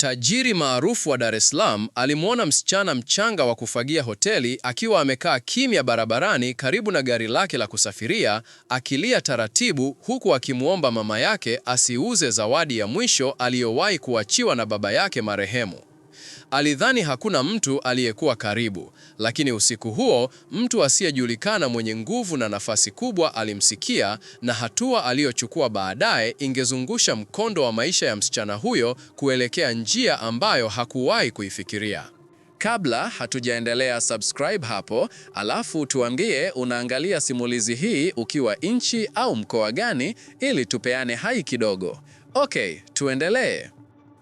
Tajiri maarufu wa Dar es Salaam alimwona msichana mchanga wa kufagia hoteli akiwa amekaa kimya barabarani karibu na gari lake la kusafiria akilia taratibu huku akimwomba mama yake asiuze zawadi ya mwisho aliyowahi kuachiwa na baba yake marehemu. Alidhani hakuna mtu aliyekuwa karibu, lakini usiku huo mtu asiyejulikana mwenye nguvu na nafasi kubwa alimsikia, na hatua aliyochukua baadaye ingezungusha mkondo wa maisha ya msichana huyo kuelekea njia ambayo hakuwahi kuifikiria. Kabla hatujaendelea, subscribe hapo, alafu tuambie unaangalia simulizi hii ukiwa nchi au mkoa gani, ili tupeane hai kidogo. Okay, tuendelee.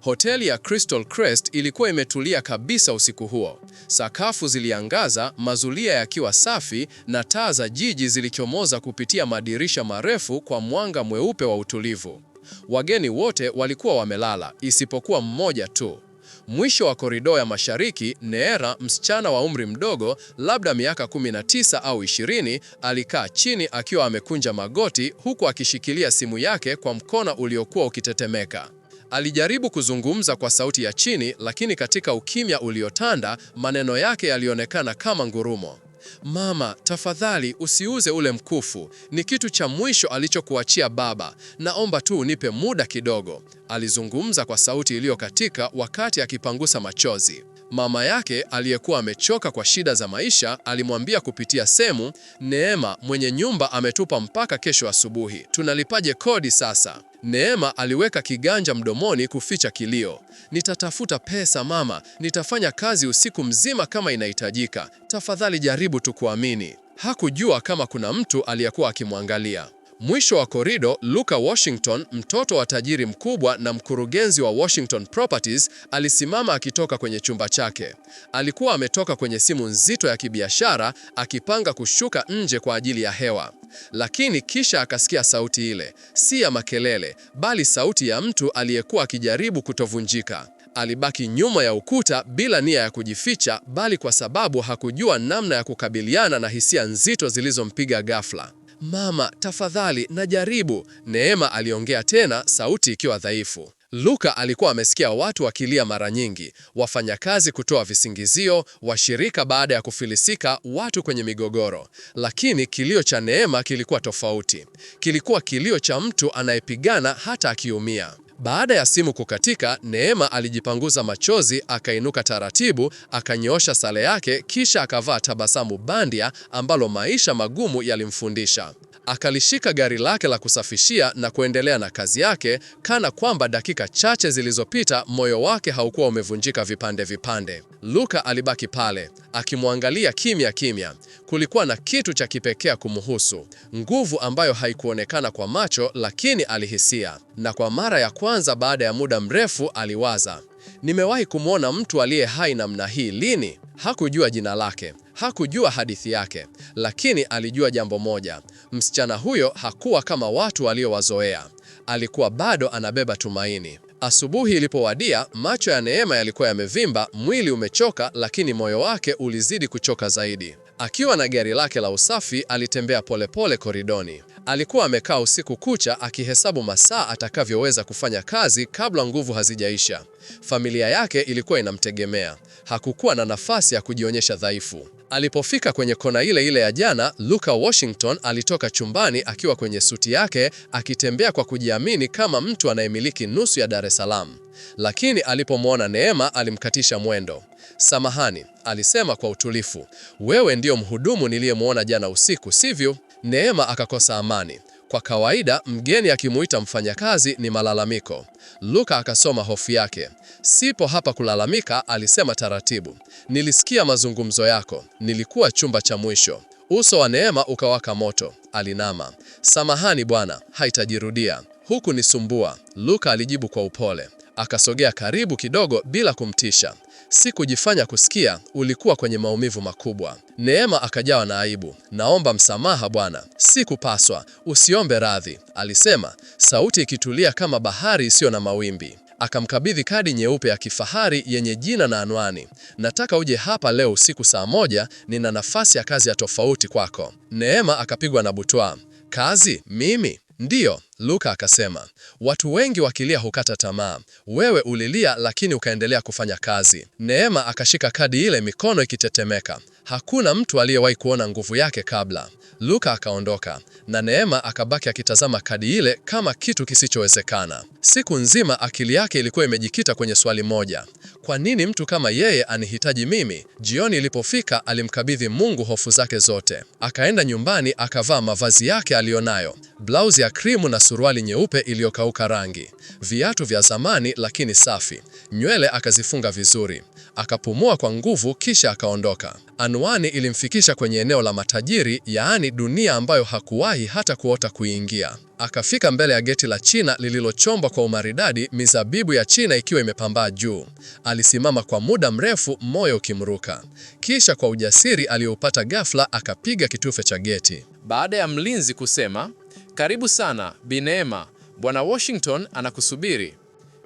Hoteli ya Crystal Crest ilikuwa imetulia kabisa usiku huo. Sakafu ziliangaza, mazulia yakiwa safi na taa za jiji zilichomoza kupitia madirisha marefu kwa mwanga mweupe wa utulivu. Wageni wote walikuwa wamelala isipokuwa mmoja tu. Mwisho wa korido ya mashariki, Neera, msichana wa umri mdogo, labda miaka 19 au 20, alikaa chini akiwa amekunja magoti huku akishikilia simu yake kwa mkono uliokuwa ukitetemeka. Alijaribu kuzungumza kwa sauti ya chini, lakini katika ukimya uliotanda maneno yake yalionekana kama ngurumo. Mama, tafadhali usiuze ule mkufu, ni kitu cha mwisho alichokuachia baba. Naomba tu unipe muda kidogo, alizungumza kwa sauti iliyokatika, wakati akipangusa machozi. Mama yake aliyekuwa amechoka kwa shida za maisha alimwambia kupitia simu, Neema, mwenye nyumba ametupa mpaka kesho asubuhi, tunalipaje kodi sasa? Neema aliweka kiganja mdomoni kuficha kilio. Nitatafuta pesa mama, nitafanya kazi usiku mzima kama inahitajika, tafadhali jaribu tu kuamini. Hakujua kama kuna mtu aliyekuwa akimwangalia. Mwisho wa korido, Luka Washington, mtoto wa tajiri mkubwa na mkurugenzi wa Washington Properties, alisimama akitoka kwenye chumba chake. Alikuwa ametoka kwenye simu nzito ya kibiashara akipanga kushuka nje kwa ajili ya hewa. Lakini kisha akasikia sauti ile, si ya makelele, bali sauti ya mtu aliyekuwa akijaribu kutovunjika. Alibaki nyuma ya ukuta bila nia ya kujificha, bali kwa sababu hakujua namna ya kukabiliana na hisia nzito zilizompiga ghafla mama, tafadhali najaribu, Neema aliongea tena, sauti ikiwa dhaifu. Luka alikuwa amesikia watu wakilia mara nyingi, wafanyakazi kutoa visingizio, washirika baada ya kufilisika, watu kwenye migogoro. Lakini kilio cha Neema kilikuwa tofauti. Kilikuwa kilio cha mtu anayepigana hata akiumia. Baada ya simu kukatika, Neema alijipanguza machozi, akainuka taratibu, akanyoosha sare yake, kisha akavaa tabasamu bandia ambalo maisha magumu yalimfundisha. Akalishika gari lake la kusafishia na kuendelea na kazi yake, kana kwamba dakika chache zilizopita moyo wake haukuwa umevunjika vipande vipande. Luka alibaki pale akimwangalia kimya kimya. Kulikuwa na kitu cha kipekee kumhusu, nguvu ambayo haikuonekana kwa macho, lakini alihisia, na kwa mara ya kwa kwanza baada ya muda mrefu aliwaza, nimewahi kumwona mtu aliye hai namna hii lini? Hakujua jina lake, hakujua hadithi yake, lakini alijua jambo moja: msichana huyo hakuwa kama watu waliowazoea. Alikuwa bado anabeba tumaini. Asubuhi ilipowadia, macho ya Neema yalikuwa yamevimba, mwili umechoka, lakini moyo wake ulizidi kuchoka zaidi. Akiwa na gari lake la usafi, alitembea polepole koridoni. Alikuwa amekaa usiku kucha akihesabu masaa atakavyoweza kufanya kazi kabla nguvu hazijaisha. Familia yake ilikuwa inamtegemea, hakukuwa na nafasi ya kujionyesha dhaifu. Alipofika kwenye kona ile ile ya jana, Luka Washington alitoka chumbani akiwa kwenye suti yake akitembea kwa kujiamini kama mtu anayemiliki nusu ya Dar es Salaam. Lakini alipomwona Neema alimkatisha mwendo. Samahani, alisema kwa utulifu, wewe ndiyo mhudumu niliyemwona jana usiku, sivyo? Neema akakosa amani. Kwa kawaida mgeni akimuita mfanyakazi ni malalamiko. Luka akasoma hofu yake. Sipo hapa kulalamika, alisema taratibu. Nilisikia mazungumzo yako, nilikuwa chumba cha mwisho. Uso wa Neema ukawaka moto, alinama. Samahani bwana, haitajirudia. Huku nisumbua, Luka alijibu kwa upole. Akasogea karibu kidogo bila kumtisha. Si kujifanya kusikia, ulikuwa kwenye maumivu makubwa. Neema akajawa na aibu. Naomba msamaha bwana, si kupaswa Usiombe radhi, alisema, sauti ikitulia kama bahari isiyo na mawimbi. Akamkabidhi kadi nyeupe ya kifahari yenye jina na anwani. Nataka uje hapa leo usiku saa moja, nina nafasi ya kazi ya tofauti kwako. Neema akapigwa na butwaa. Kazi? Mimi? Ndiyo, Luka akasema, watu wengi wakilia hukata tamaa, wewe ulilia lakini ukaendelea kufanya kazi. Neema akashika kadi ile mikono ikitetemeka. Hakuna mtu aliyewahi kuona nguvu yake kabla. Luka akaondoka na Neema akabaki akitazama kadi ile kama kitu kisichowezekana. Siku nzima akili yake ilikuwa imejikita kwenye swali moja: kwa nini mtu kama yeye anihitaji mimi? Jioni ilipofika, alimkabidhi Mungu hofu zake zote. Akaenda nyumbani, akavaa mavazi yake aliyonayo, blausi ya krimu na suruali nyeupe iliyokauka rangi, viatu vya zamani lakini safi, nywele akazifunga vizuri, akapumua kwa nguvu, kisha akaondoka. Anwani ilimfikisha kwenye eneo la matajiri, yaani dunia ambayo hakuwahi hata kuota kuingia. Akafika mbele ya geti la China lililochombwa kwa umaridadi, mizabibu ya China ikiwa imepambaa juu. Alisimama kwa muda mrefu, moyo ukimruka, kisha kwa ujasiri aliyoupata ghafla akapiga kitufe cha geti. Baada ya mlinzi kusema karibu sana bineema Bwana Washington anakusubiri.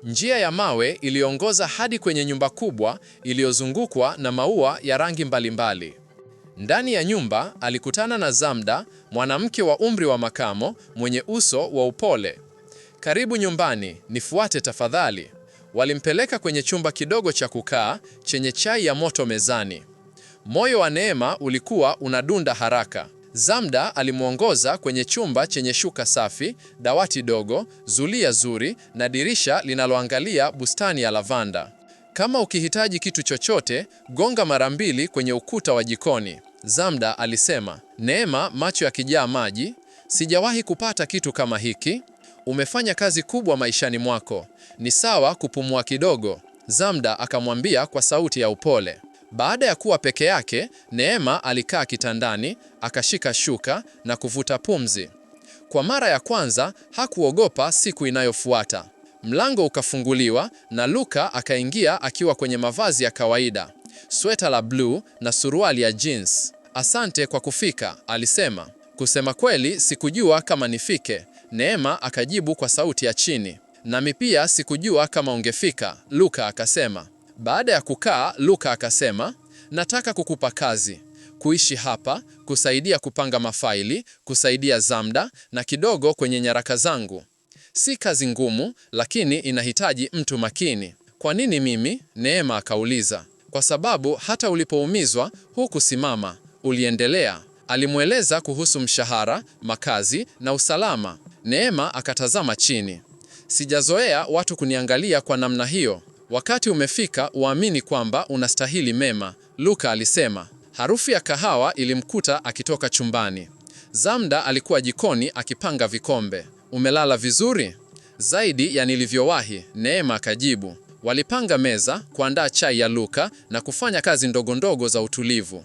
Njia ya mawe iliongoza hadi kwenye nyumba kubwa iliyozungukwa na maua ya rangi mbalimbali. Ndani ya nyumba alikutana na Zamda, mwanamke wa umri wa makamo mwenye uso wa upole. Karibu nyumbani, nifuate tafadhali. Walimpeleka kwenye chumba kidogo cha kukaa chenye chai ya moto mezani. Moyo wa Neema ulikuwa unadunda haraka. Zamda alimwongoza kwenye chumba chenye shuka safi, dawati dogo, zulia zuri na dirisha linaloangalia bustani ya lavanda. Kama ukihitaji kitu chochote, gonga mara mbili kwenye ukuta wa jikoni, Zamda alisema. Neema macho yakijaa maji, sijawahi kupata kitu kama hiki. Umefanya kazi kubwa maishani mwako, ni sawa kupumua kidogo, Zamda akamwambia kwa sauti ya upole. Baada ya kuwa peke yake, Neema alikaa kitandani, akashika shuka na kuvuta pumzi. Kwa mara ya kwanza hakuogopa. Siku inayofuata mlango ukafunguliwa na Luka akaingia akiwa kwenye mavazi ya kawaida, sweta la bluu na suruali ya jeans. Asante kwa kufika, alisema. Kusema kweli, sikujua kama nifike, Neema akajibu kwa sauti ya chini. Nami pia sikujua kama ungefika, Luka akasema. Baada ya kukaa, Luka akasema, nataka kukupa kazi kuishi hapa, kusaidia kupanga mafaili, kusaidia Zamda na kidogo kwenye nyaraka zangu. Si kazi ngumu, lakini inahitaji mtu makini. Kwa nini mimi? Neema akauliza. Kwa sababu hata ulipoumizwa hukusimama, uliendelea. Alimweleza kuhusu mshahara, makazi na usalama. Neema akatazama chini. Sijazoea watu kuniangalia kwa namna hiyo. Wakati umefika uamini kwamba unastahili mema, Luka alisema. Harufu ya kahawa ilimkuta akitoka chumbani. Zamda alikuwa jikoni akipanga vikombe. Umelala vizuri? Zaidi ya nilivyowahi, Neema akajibu. Walipanga meza, kuandaa chai ya Luka na kufanya kazi ndogondogo za utulivu.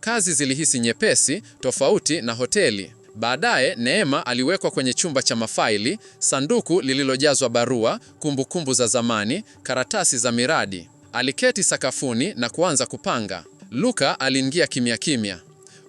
Kazi zilihisi nyepesi, tofauti na hoteli. Baadaye Neema aliwekwa kwenye chumba cha mafaili, sanduku lililojazwa barua, kumbukumbu kumbu za zamani, karatasi za miradi. Aliketi sakafuni na kuanza kupanga. Luka aliingia kimya kimya.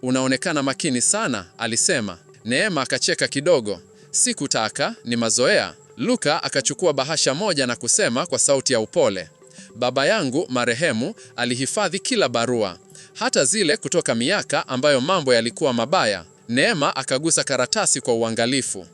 Unaonekana makini sana, alisema. Neema akacheka kidogo. Sikutaka, ni mazoea. Luka akachukua bahasha moja na kusema kwa sauti ya upole, baba yangu marehemu alihifadhi kila barua, hata zile kutoka miaka ambayo mambo yalikuwa mabaya. Neema akagusa karatasi kwa uangalifu.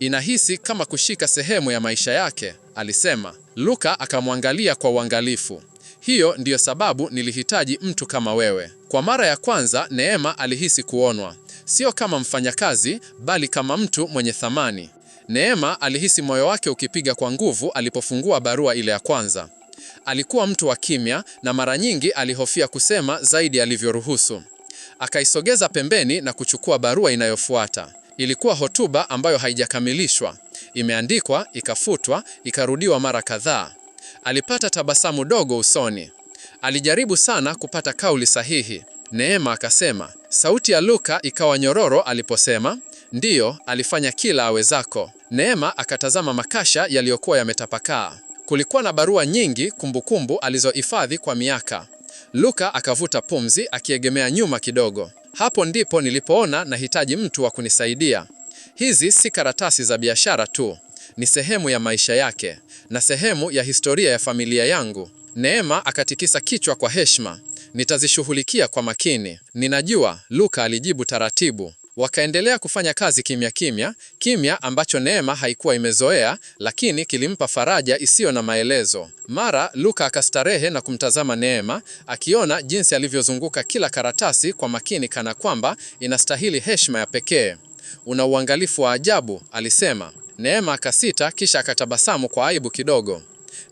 Inahisi kama kushika sehemu ya maisha yake, alisema. Luka akamwangalia kwa uangalifu. Hiyo ndiyo sababu nilihitaji mtu kama wewe. Kwa mara ya kwanza Neema alihisi kuonwa, sio kama mfanyakazi, bali kama mtu mwenye thamani. Neema alihisi moyo wake ukipiga kwa nguvu alipofungua barua ile ya kwanza. Alikuwa mtu wa kimya na mara nyingi alihofia kusema zaidi alivyoruhusu. Akaisogeza pembeni na kuchukua barua inayofuata. Ilikuwa hotuba ambayo haijakamilishwa, imeandikwa, ikafutwa, ikarudiwa mara kadhaa. Alipata tabasamu dogo usoni. Alijaribu sana kupata kauli sahihi. Neema akasema. Sauti ya Luka ikawa nyororo aliposema, ndiyo, alifanya kila awezako. Neema akatazama makasha yaliyokuwa yametapakaa. Kulikuwa na barua nyingi, kumbukumbu alizohifadhi kwa miaka. Luka akavuta pumzi akiegemea nyuma kidogo. Hapo ndipo nilipoona nahitaji mtu wa kunisaidia. Hizi si karatasi za biashara tu, ni sehemu ya maisha yake na sehemu ya historia ya familia yangu. Neema akatikisa kichwa kwa heshima. Nitazishughulikia kwa makini, ninajua, Luka alijibu taratibu. Wakaendelea kufanya kazi kimya kimya, kimya ambacho Neema haikuwa imezoea, lakini kilimpa faraja isiyo na maelezo. Mara Luka akastarehe na kumtazama Neema, akiona jinsi alivyozunguka kila karatasi kwa makini, kana kwamba inastahili heshima ya pekee. Una uangalifu wa ajabu, alisema. Neema akasita, kisha akatabasamu kwa aibu kidogo.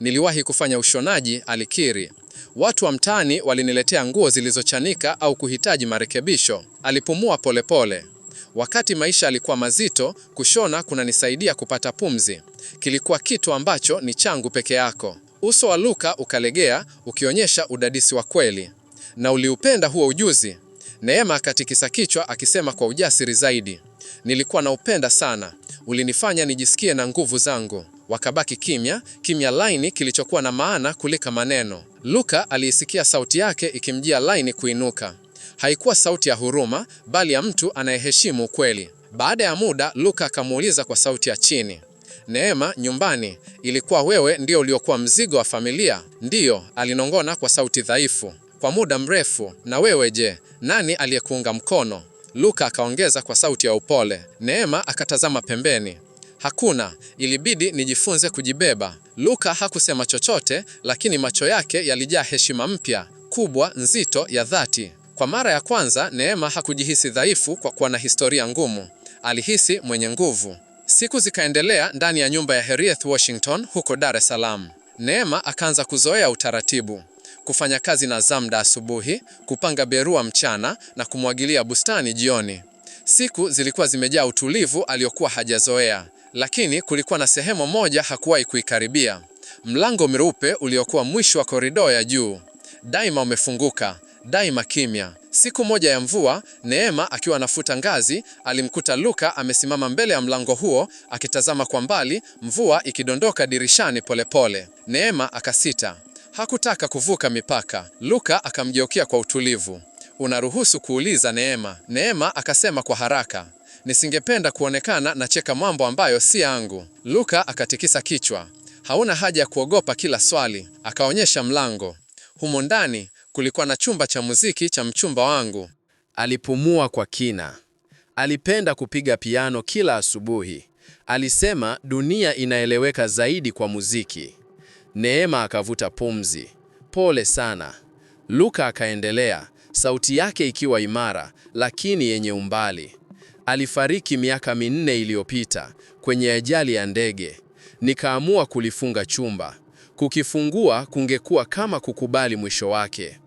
Niliwahi kufanya ushonaji, alikiri. Watu wa mtaani waliniletea nguo zilizochanika au kuhitaji marekebisho. Alipumua polepole pole. Wakati maisha yalikuwa mazito, kushona kunanisaidia kupata pumzi. Kilikuwa kitu ambacho ni changu peke yako. Uso wa Luka ukalegea, ukionyesha udadisi wa kweli. Na uliupenda huo ujuzi? Neema akatikisa kichwa akisema kwa ujasiri zaidi, nilikuwa naupenda sana, ulinifanya nijisikie na nguvu zangu wakabaki kimya, kimya laini kilichokuwa na maana kulika maneno. Luka aliisikia sauti yake ikimjia laini kuinuka. Haikuwa sauti ya huruma, bali ya mtu anayeheshimu ukweli. Baada ya muda, Luka akamuuliza kwa sauti ya chini, Neema, nyumbani ilikuwa wewe ndio uliokuwa mzigo wa familia? Ndiyo, alinongona kwa sauti dhaifu. Kwa muda mrefu. Na wewe je, nani aliyekuunga mkono? Luka akaongeza kwa sauti ya upole. Neema akatazama pembeni. Hakuna, ilibidi nijifunze kujibeba. Luka hakusema chochote, lakini macho yake yalijaa heshima mpya, kubwa, nzito, ya dhati. Kwa mara ya kwanza, Neema hakujihisi dhaifu kwa kuwa na historia ngumu. Alihisi mwenye nguvu. Siku zikaendelea ndani ya nyumba ya Harriet Washington huko Dar es Salaam. Neema akaanza kuzoea utaratibu, kufanya kazi na Zamda asubuhi, kupanga berua mchana na kumwagilia bustani jioni. Siku zilikuwa zimejaa utulivu aliokuwa hajazoea lakini kulikuwa na sehemu moja hakuwahi kuikaribia. Mlango mweupe uliokuwa mwisho wa korido ya juu, daima umefunguka, daima kimya. Siku moja ya mvua, Neema akiwa anafuta ngazi, alimkuta Luka amesimama mbele ya mlango huo akitazama kwa mbali, mvua ikidondoka dirishani polepole pole. Neema akasita, hakutaka kuvuka mipaka. Luka akamgeukia kwa utulivu, unaruhusu kuuliza Neema? Neema akasema kwa haraka, nisingependa kuonekana nacheka mambo ambayo si yangu. Luka akatikisa kichwa. Hauna haja ya kuogopa kila swali. Akaonyesha mlango. Humo ndani kulikuwa na chumba cha muziki cha mchumba wangu. Alipumua kwa kina. Alipenda kupiga piano kila asubuhi. Alisema dunia inaeleweka zaidi kwa muziki. Neema akavuta pumzi. Pole sana. Luka akaendelea, sauti yake ikiwa imara lakini yenye umbali. Alifariki miaka minne iliyopita kwenye ajali ya ndege. Nikaamua kulifunga chumba. Kukifungua kungekuwa kama kukubali mwisho wake.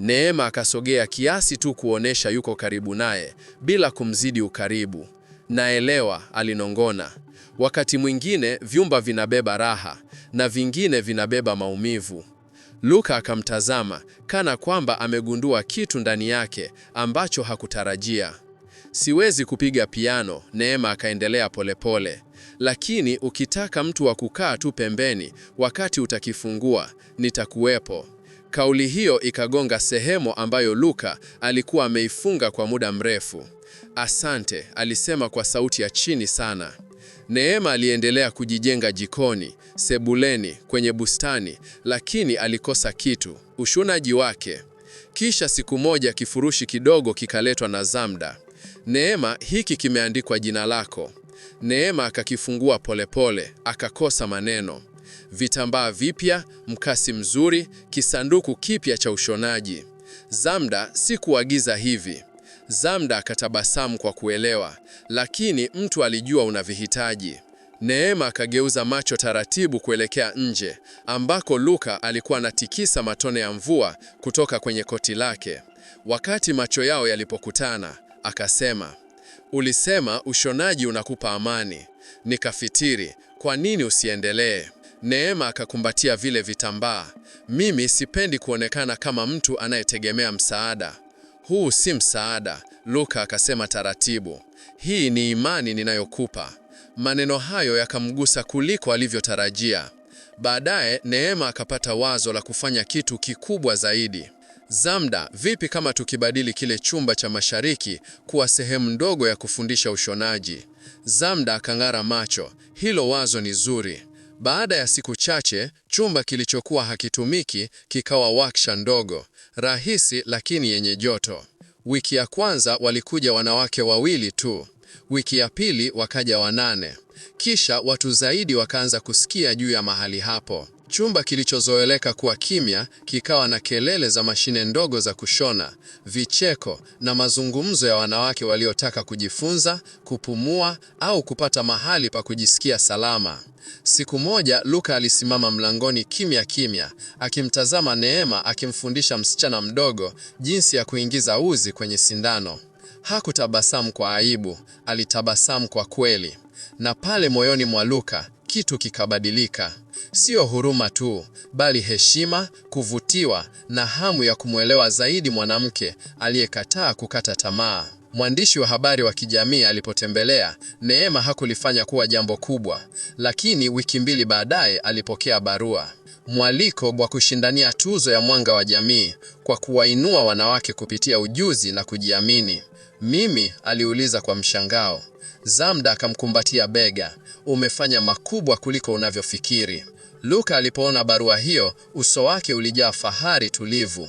Neema akasogea kiasi tu kuonesha yuko karibu naye bila kumzidi ukaribu. Naelewa, alinongona. Wakati mwingine vyumba vinabeba raha na vingine vinabeba maumivu. Luka akamtazama kana kwamba amegundua kitu ndani yake ambacho hakutarajia. Siwezi kupiga piano, Neema akaendelea polepole, lakini ukitaka mtu wa kukaa tu pembeni wakati utakifungua, nitakuwepo. Kauli hiyo ikagonga sehemu ambayo Luka alikuwa ameifunga kwa muda mrefu. Asante, alisema kwa sauti ya chini sana. Neema aliendelea kujijenga jikoni, sebuleni, kwenye bustani, lakini alikosa kitu, ushunaji wake. Kisha siku moja kifurushi kidogo kikaletwa na Zamda. Neema, hiki kimeandikwa jina lako. Neema akakifungua polepole, akakosa maneno. Vitambaa vipya, mkasi mzuri, kisanduku kipya cha ushonaji. Zamda, sikuagiza hivi. Zamda akatabasamu kwa kuelewa, lakini mtu alijua unavihitaji. Neema akageuza macho taratibu kuelekea nje ambako Luka alikuwa anatikisa matone ya mvua kutoka kwenye koti lake. Wakati macho yao yalipokutana, Akasema, ulisema ushonaji unakupa amani. Nikafitiri, kwa nini usiendelee? Neema akakumbatia vile vitambaa. Mimi sipendi kuonekana kama mtu anayetegemea msaada. Huu si msaada, Luka akasema taratibu. Hii ni imani ninayokupa. Maneno hayo yakamgusa kuliko alivyotarajia. Baadaye Neema akapata wazo la kufanya kitu kikubwa zaidi. Zamda, vipi kama tukibadili kile chumba cha mashariki kuwa sehemu ndogo ya kufundisha ushonaji? Zamda akang'ara macho, hilo wazo ni zuri. Baada ya siku chache, chumba kilichokuwa hakitumiki kikawa waksha ndogo, rahisi lakini yenye joto. Wiki ya kwanza walikuja wanawake wawili tu. Wiki ya pili wakaja wanane. Kisha watu zaidi wakaanza kusikia juu ya mahali hapo. Chumba kilichozoeleka kuwa kimya kikawa na kelele za mashine ndogo za kushona, vicheko na mazungumzo ya wanawake waliotaka kujifunza, kupumua au kupata mahali pa kujisikia salama. Siku moja Luka alisimama mlangoni kimya kimya, akimtazama Neema akimfundisha msichana mdogo jinsi ya kuingiza uzi kwenye sindano. Hakutabasamu kwa aibu, alitabasamu kwa kweli. Na pale moyoni mwa Luka kitu kikabadilika. Sio huruma tu, bali heshima, kuvutiwa na hamu ya kumwelewa zaidi mwanamke aliyekataa kukata tamaa. Mwandishi wa habari wa kijamii alipotembelea, Neema hakulifanya kuwa jambo kubwa, lakini wiki mbili baadaye alipokea barua, mwaliko wa kushindania tuzo ya Mwanga wa Jamii kwa kuwainua wanawake kupitia ujuzi na kujiamini. Mimi, aliuliza kwa mshangao. Zamda akamkumbatia bega. Umefanya makubwa kuliko unavyofikiri. Luka alipoona barua hiyo, uso wake ulijaa fahari tulivu.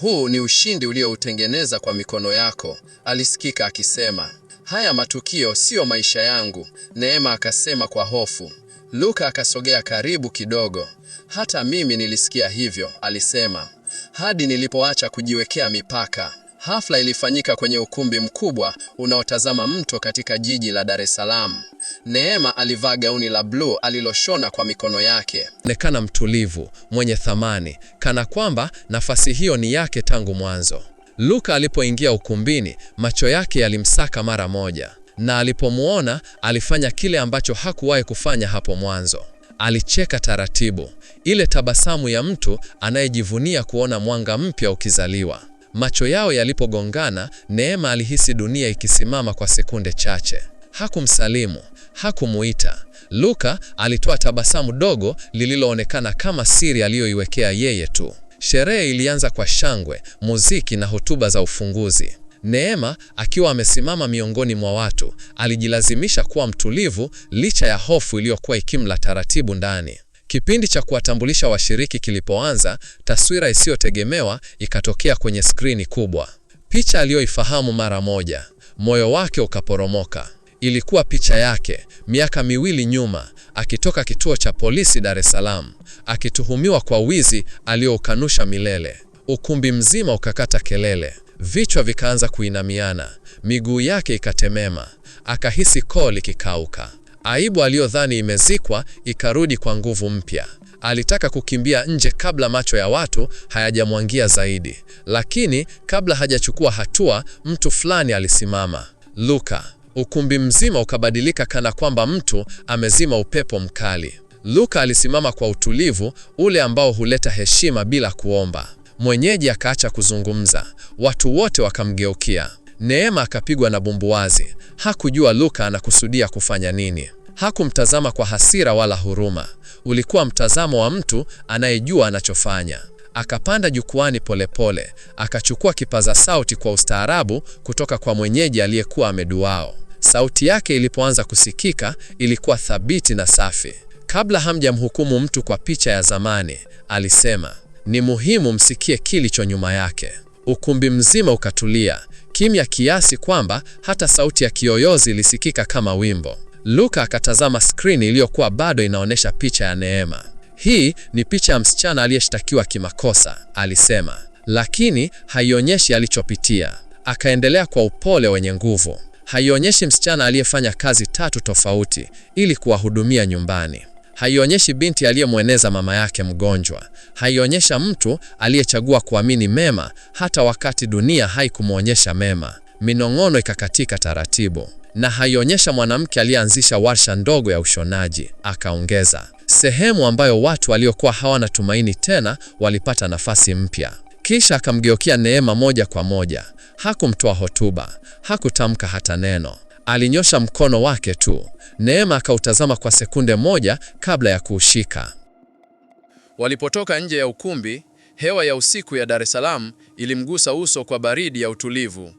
Huu ni ushindi ulioutengeneza kwa mikono yako, alisikika akisema. Haya matukio siyo maisha yangu, Neema akasema kwa hofu. Luka akasogea karibu kidogo. Hata mimi nilisikia hivyo, alisema, hadi nilipoacha kujiwekea mipaka. Hafla ilifanyika kwenye ukumbi mkubwa unaotazama mto katika jiji la Dar es Salaam. Neema alivaa gauni la bluu aliloshona kwa mikono yake. Onekana mtulivu, mwenye thamani, kana kwamba nafasi hiyo ni yake tangu mwanzo. Luka alipoingia ukumbini, macho yake yalimsaka mara moja, na alipomwona alifanya kile ambacho hakuwahi kufanya hapo mwanzo. Alicheka taratibu, ile tabasamu ya mtu anayejivunia kuona mwanga mpya ukizaliwa. Macho yao yalipogongana, Neema alihisi dunia ikisimama kwa sekunde chache. Hakumsalimu, hakumuita. Luka alitoa tabasamu dogo lililoonekana kama siri aliyoiwekea yeye tu. Sherehe ilianza kwa shangwe, muziki na hotuba za ufunguzi. Neema akiwa amesimama miongoni mwa watu, alijilazimisha kuwa mtulivu licha ya hofu iliyokuwa ikimla taratibu ndani. Kipindi cha kuwatambulisha washiriki kilipoanza, taswira isiyotegemewa ikatokea kwenye skrini kubwa. Picha aliyoifahamu mara moja, moyo wake ukaporomoka ilikuwa picha yake miaka miwili nyuma akitoka kituo cha polisi Dar es Salaam akituhumiwa kwa wizi aliyoukanusha milele. Ukumbi mzima ukakata kelele, vichwa vikaanza kuinamiana, miguu yake ikatemema, akahisi koo likikauka. Aibu aliyodhani imezikwa ikarudi kwa nguvu mpya. Alitaka kukimbia nje kabla macho ya watu hayajamwangia zaidi, lakini kabla hajachukua hatua, mtu fulani alisimama. Luka Ukumbi mzima ukabadilika kana kwamba mtu amezima upepo mkali. Luka alisimama kwa utulivu ule ambao huleta heshima bila kuomba. Mwenyeji akaacha kuzungumza, watu wote wakamgeukia. Neema akapigwa na bumbuazi. Hakujua Luka anakusudia kufanya nini. Hakumtazama kwa hasira wala huruma, ulikuwa mtazamo wa mtu anayejua anachofanya. Akapanda jukwani polepole, akachukua kipaza sauti kwa ustaarabu kutoka kwa mwenyeji aliyekuwa ameduao. Sauti yake ilipoanza kusikika ilikuwa thabiti na safi. Kabla hamjamhukumu mtu kwa picha ya zamani, alisema, ni muhimu msikie kilicho nyuma yake. Ukumbi mzima ukatulia kimya kiasi kwamba hata sauti ya kiyoyozi ilisikika kama wimbo. Luka akatazama skrini iliyokuwa bado inaonyesha picha ya Neema. Hii ni picha ya msichana aliyeshtakiwa kimakosa, alisema, lakini haionyeshi alichopitia. Akaendelea kwa upole wenye nguvu haionyeshi msichana aliyefanya kazi tatu tofauti ili kuwahudumia nyumbani, haionyeshi binti aliyemweneza mama yake mgonjwa, haionyesha mtu aliyechagua kuamini mema hata wakati dunia haikumwonyesha mema. Minong'ono ikakatika taratibu, na haionyesha mwanamke aliyeanzisha warsha ndogo ya ushonaji. Akaongeza, sehemu ambayo watu waliokuwa hawana tumaini tena walipata nafasi mpya. Kisha akamgeukia Neema moja kwa moja. Hakumtoa hotuba, hakutamka hata neno, alinyosha mkono wake tu. Neema akautazama kwa sekunde moja kabla ya kuushika. Walipotoka nje ya ukumbi, hewa ya usiku ya Dar es Salaam ilimgusa uso kwa baridi ya utulivu.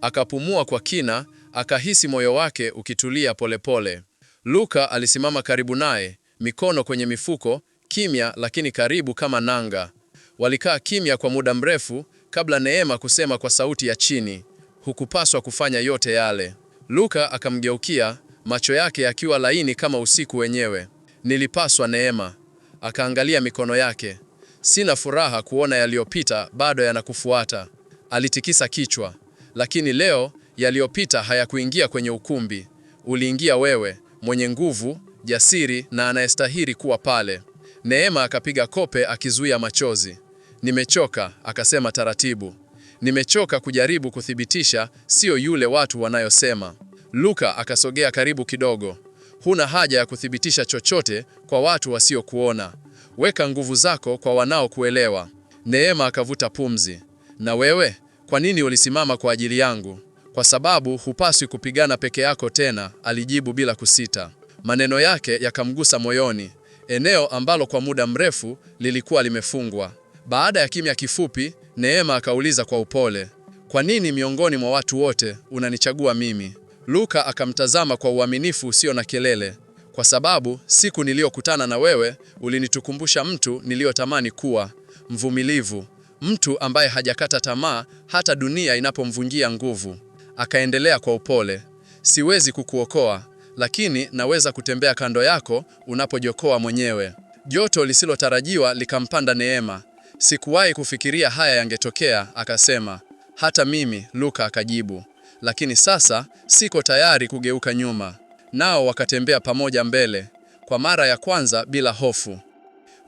Akapumua kwa kina, akahisi moyo wake ukitulia polepole. Luka alisimama karibu naye, mikono kwenye mifuko, kimya lakini karibu kama nanga. Walikaa kimya kwa muda mrefu kabla Neema kusema kwa sauti ya chini, hukupaswa kufanya yote yale. Luka akamgeukia, macho yake yakiwa laini kama usiku wenyewe. Nilipaswa, Neema. Akaangalia mikono yake. Sina furaha kuona yaliyopita bado yanakufuata. Alitikisa kichwa. Lakini leo yaliyopita hayakuingia kwenye ukumbi. Uliingia wewe, mwenye nguvu, jasiri na anayestahili kuwa pale. Neema akapiga kope akizuia machozi nimechoka, akasema taratibu. Nimechoka kujaribu kuthibitisha sio yule watu wanayosema. Luka akasogea karibu kidogo. Huna haja ya kuthibitisha chochote kwa watu wasiokuona. Weka nguvu zako kwa wanaokuelewa. Neema akavuta pumzi. Na wewe, kwa nini ulisimama kwa ajili yangu? Kwa sababu hupaswi kupigana peke yako tena, alijibu bila kusita. Maneno yake yakamgusa moyoni, eneo ambalo kwa muda mrefu lilikuwa limefungwa. Baada ya kimya kifupi, Neema akauliza kwa upole, kwa nini miongoni mwa watu wote unanichagua mimi? Luka akamtazama kwa uaminifu usio na kelele. Kwa sababu siku niliyokutana na wewe ulinitukumbusha mtu niliyotamani kuwa, mvumilivu, mtu ambaye hajakata tamaa hata dunia inapomvungia nguvu. Akaendelea kwa upole, siwezi kukuokoa, lakini naweza kutembea kando yako unapojokoa mwenyewe. Joto lisilotarajiwa likampanda Neema, Sikuwahi kufikiria haya yangetokea, akasema. Hata mimi, Luka akajibu, lakini sasa siko tayari kugeuka nyuma. Nao wakatembea pamoja mbele, kwa mara ya kwanza bila hofu.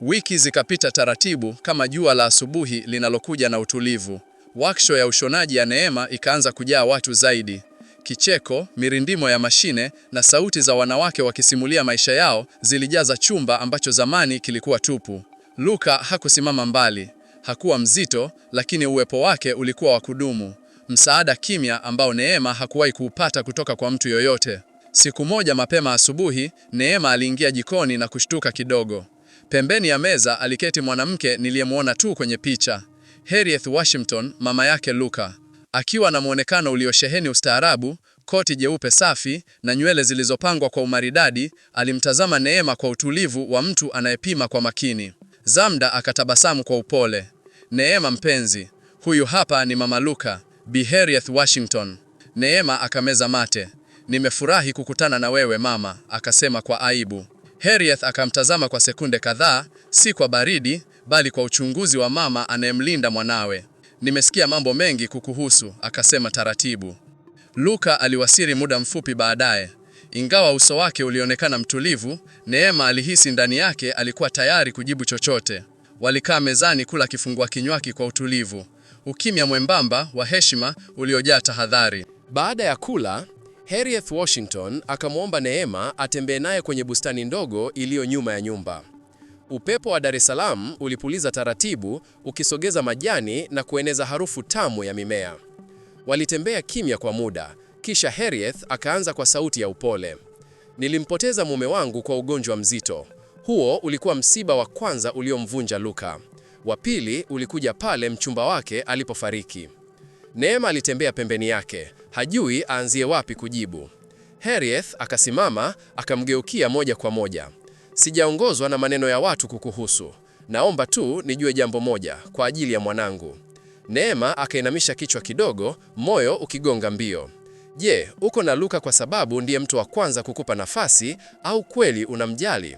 Wiki zikapita taratibu, kama jua la asubuhi linalokuja na utulivu. Waksho ya ushonaji ya Neema ikaanza kujaa watu zaidi. Kicheko, mirindimo ya mashine na sauti za wanawake wakisimulia maisha yao zilijaza chumba ambacho zamani kilikuwa tupu. Luka hakusimama mbali, hakuwa mzito, lakini uwepo wake ulikuwa wa kudumu, msaada kimya ambao Neema hakuwahi kuupata kutoka kwa mtu yoyote. Siku moja mapema asubuhi, Neema aliingia jikoni na kushtuka kidogo. Pembeni ya meza aliketi mwanamke niliyemwona tu kwenye picha, Harriet Washington, mama yake Luka, akiwa na mwonekano uliosheheni ustaarabu, koti jeupe safi na nywele zilizopangwa kwa umaridadi. Alimtazama Neema kwa utulivu wa mtu anayepima kwa makini. Zamda akatabasamu kwa upole. Neema mpenzi, huyu hapa ni Mama Luka, Bi Harriet Washington. Neema akameza mate. Nimefurahi kukutana na wewe mama, akasema kwa aibu. Harriet akamtazama kwa sekunde kadhaa, si kwa baridi, bali kwa uchunguzi wa mama anayemlinda mwanawe. Nimesikia mambo mengi kukuhusu, akasema taratibu. Luka aliwasili muda mfupi baadaye. Ingawa uso wake ulionekana mtulivu, Neema alihisi ndani yake alikuwa tayari kujibu chochote. Walikaa mezani kula kifungua kinywaki kwa utulivu, ukimya mwembamba wa heshima uliojaa tahadhari. Baada ya kula, Harriet Washington akamwomba Neema atembee naye kwenye bustani ndogo iliyo nyuma ya nyumba. Upepo wa Dar es Salaam ulipuliza taratibu, ukisogeza majani na kueneza harufu tamu ya mimea. Walitembea kimya kwa muda, kisha Harriet akaanza kwa sauti ya upole, nilimpoteza mume wangu kwa ugonjwa mzito. Huo ulikuwa msiba wa kwanza uliomvunja Luka. Wa pili ulikuja pale mchumba wake alipofariki. Neema alitembea pembeni yake, hajui aanzie wapi kujibu. Harriet akasimama, akamgeukia moja kwa moja. Sijaongozwa na maneno ya watu kukuhusu. Naomba tu nijue jambo moja kwa ajili ya mwanangu. Neema akainamisha kichwa kidogo, moyo ukigonga mbio. Je, uko na Luka kwa sababu ndiye mtu wa kwanza kukupa nafasi au kweli unamjali?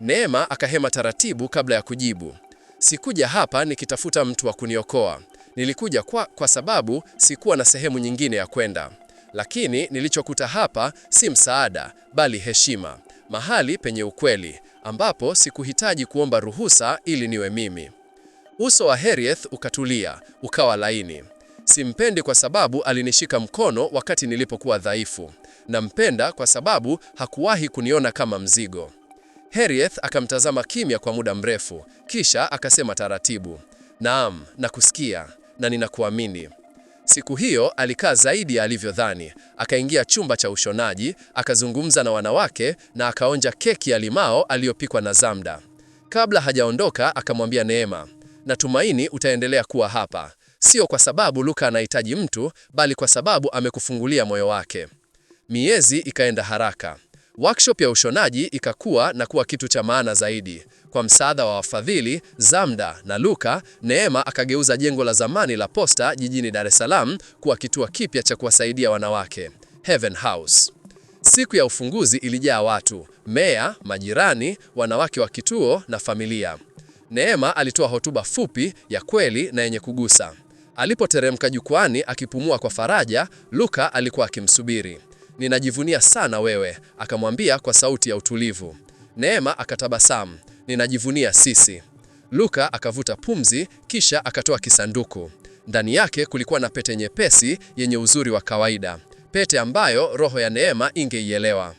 Neema akahema taratibu kabla ya kujibu. Sikuja hapa nikitafuta mtu wa kuniokoa. Nilikuja kwa, kwa sababu sikuwa na sehemu nyingine ya kwenda. Lakini nilichokuta hapa si msaada, bali heshima, mahali penye ukweli, ambapo sikuhitaji kuomba ruhusa ili niwe mimi. Uso wa Harriet ukatulia, ukawa laini. Simpendi kwa sababu alinishika mkono wakati nilipokuwa dhaifu. Nampenda kwa sababu hakuwahi kuniona kama mzigo. Harriet akamtazama kimya kwa muda mrefu, kisha akasema taratibu, naam, nakusikia na ninakuamini. Siku hiyo alikaa zaidi ya alivyodhani. Akaingia chumba cha ushonaji, akazungumza na wanawake na akaonja keki ya limao aliyopikwa na Zamda. Kabla hajaondoka, akamwambia Neema, natumaini utaendelea kuwa hapa sio kwa sababu Luka anahitaji mtu, bali kwa sababu amekufungulia moyo wake. Miezi ikaenda haraka. Workshop ya ushonaji ikakua na kuwa kitu cha maana zaidi. Kwa msaada wa wafadhili Zamda na Luka, Neema akageuza jengo la zamani la posta jijini Dar es Salaam kuwa kituo kipya cha kuwasaidia wanawake, Heaven House. Siku ya ufunguzi ilijaa watu, meya, majirani, wanawake wa kituo na familia. Neema alitoa hotuba fupi ya kweli na yenye kugusa. Alipoteremka jukwani akipumua kwa faraja, Luka alikuwa akimsubiri. Ninajivunia sana wewe, akamwambia kwa sauti ya utulivu. Neema akatabasamu. Ninajivunia sisi. Luka akavuta pumzi, kisha akatoa kisanduku. Ndani yake kulikuwa na pete nyepesi yenye uzuri wa kawaida, pete ambayo roho ya Neema ingeielewa.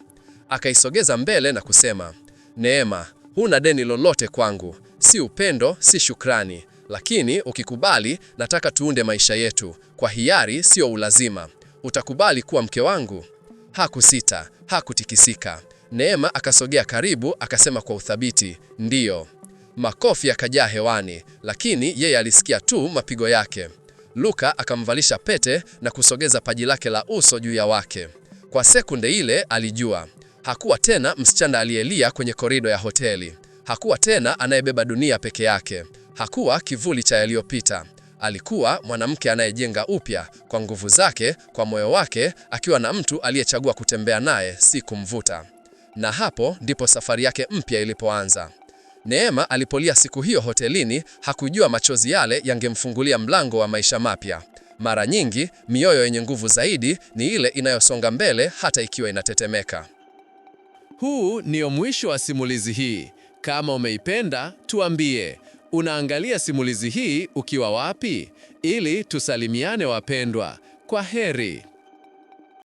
Akaisogeza mbele na kusema, Neema, huna deni lolote kwangu, si upendo, si shukrani, lakini ukikubali, nataka tuunde maisha yetu kwa hiari, sio ulazima. Utakubali kuwa mke wangu? Hakusita, hakutikisika. Neema akasogea karibu, akasema kwa uthabiti, ndiyo. Makofi akajaa hewani, lakini yeye alisikia tu mapigo yake. Luka akamvalisha pete na kusogeza paji lake la uso juu ya wake. Kwa sekunde ile alijua hakuwa tena msichana aliyelia kwenye korido ya hoteli, hakuwa tena anayebeba dunia peke yake. Hakuwa kivuli cha yaliyopita. Alikuwa mwanamke anayejenga upya kwa nguvu zake, kwa moyo wake, akiwa na mtu aliyechagua kutembea naye, si kumvuta. Na hapo ndipo safari yake mpya ilipoanza. Neema alipolia siku hiyo hotelini, hakujua machozi yale yangemfungulia mlango wa maisha mapya. Mara nyingi mioyo yenye nguvu zaidi ni ile inayosonga mbele hata ikiwa inatetemeka. Huu ndio mwisho wa simulizi hii. Kama umeipenda, tuambie. Unaangalia simulizi hii ukiwa wapi? Ili tusalimiane wapendwa. Kwa heri.